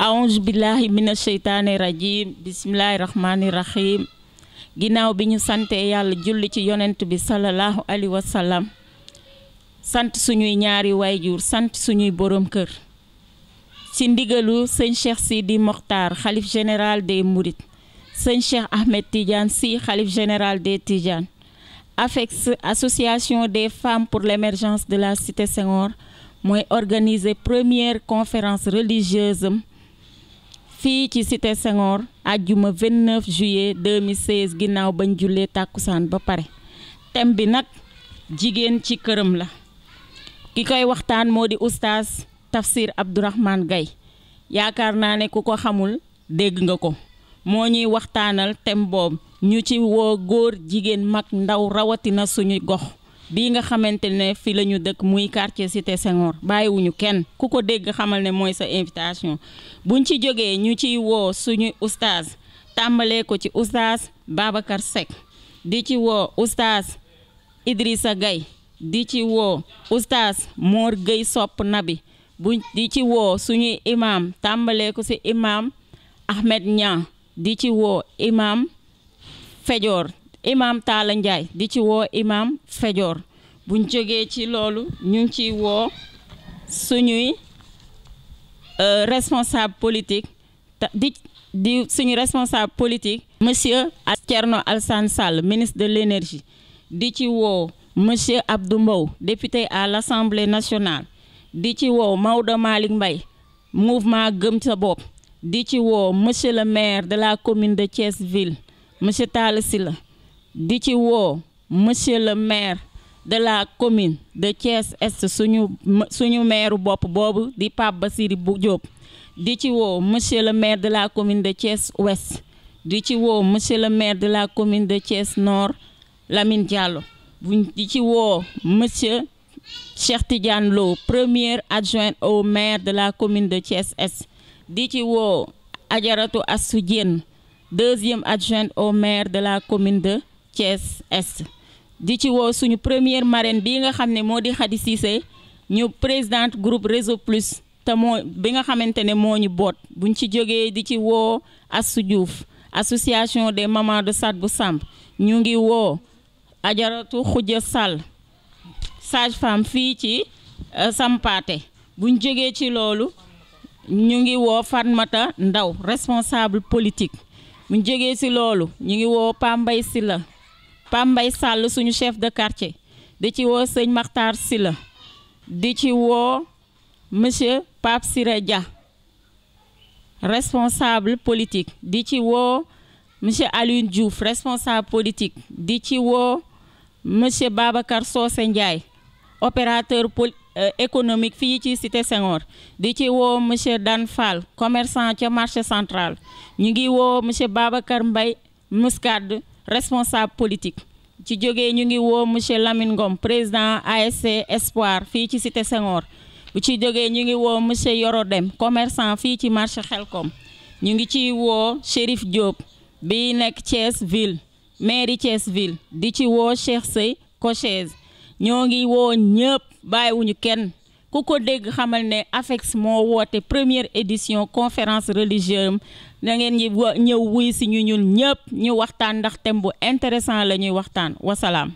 aouzu billahi mina sheytaani rajim bisimilahi rahmaani rahim ginnaaw bi ñu santee yàlla julli ci yonent bi salallaahu alayhi wa salaam sant suñuy ñaari waayjur sant suñuy borom kër ci ndigalu sëñ cheikh di Mokhtar xalif général des Mourides sëñ cheikh Ahmed Tidiane si xalif général des Tidiane AFEX association des femmes pour l'émergence de la cité Senghor mooy organiser première conférence religieuse am fii ci cité Senghor àjjuma 29 juillet 2016 ginnaaw bañ jullee tàkkusaan ba pare thème bi nag jigéen ci këram la ki koy waxtaan moo di oustaz Tafsir Abdourahmane gay yaakaar naa ne ku ko xamul dégg nga ko moo ñuy waxtaanal thème boobu ñu ci woo góor jigéen mag ndaw rawatina suñuy gox bii nga xamante ne fi la ñu dëkk muy quartier cité Senghor bàyyiwuñu kenn ku ko dégg xamal ne mooy sa invitation buñ ci jógee ñu ciy woo suñu oustaz tàmbalee ko ci oustaz Babacar Seck di ci woo oustaz sa gay di ci woo oustaz Mor Gueye Sopp bi bu di ci woo suñuy imam tàmbalee ko ci imam Ahmed Niang di ci woo imaam Fejoor imaam Talla Ndiaye di ci woo imaam Fejoor buñ jógee ci loolu ñu ngi ciy woo suñuy euh, responsable politique di di suñu responsable politique monsieur Thierno Alassane Sall ministre de l'énergie di ci woo monsieur Abdou Mbow député à l'Assemblée nationale di ci woo Maodo Malick Mbaye mouvement gëm sa bopp di ci woo monsieur le maire de la commune de Thiès ville monsieur Talla Sylla di ci woo monsieur le maire de la commune de Thiès Est suñu suñu maire bopp boobu di Pape Bassiri bu Diop di ci woo monsieur le maire de la commune de Thiès Ouest di ci woo monsieur le maire de la commune de Thiès Nord Lamine Diallo buñ di ci woo monsieur Cheikh Tidiane Lo premier adjoint au maire de la commune de Thiès Est di ci woo Ajaratu Assou Diène deuxième adjoint au maire de la commune de Thiès Est di ci woo suñu première marraine bi nga xam ne moo di Khady Cissé ñu présidente groupe Réseau Plus te moo bi nga xamante ne moo ñu boot buñ ci jógee di ci woo Assou association des mamans de Sadbou samp ñu ngi woo Ajaratu Khoudia Sall sage femme fii ci euh, Sampaate buñ jógee ci loolu ñu ngi woo Fatmata Ndaw responsable politique buñ jógee ci loolu ñu ngi woo Pambay Silla Pam Mbay Sall suñu chef de quartier di ci woo sëñ Maxtaar Silla di ci woo monsieur Pape Siré Dia responsable politique di ci woo monsieur Alioune Diouf responsable politique di ci woo monsieur Babacar Socé Ndiaye opérateur poli euh, économique fii ci cité Senghor di ci woo monsieur Dan Fall commerçant ca marché centrale ñu ngi woo monsieur Babacar Mbaye Muscade responsable politique ci jógee ñu ngi woo monsieur Lamine Ngom président ASC Espoir fii ci cité Senghor bu ci jógee ñu ngi woo monsieur Yoro Dem commerçant fii ci marché Xelkom ñu ngi ciy woo Chérif Diop bi nekk Thiès ville mairie Thiès ville di ci woo Cheikh Sey cochaise ñoo ngi woo ñëpp bàyyiwuñu kenn ku ko dégg xamal ne AFEX moo woote première édition conférence religieuse na ngeen ñi ñëw wuy si ñu ñun ñëpp ñu waxtaan ndax thème bu intéressant la ñuy waxtaan wasalaam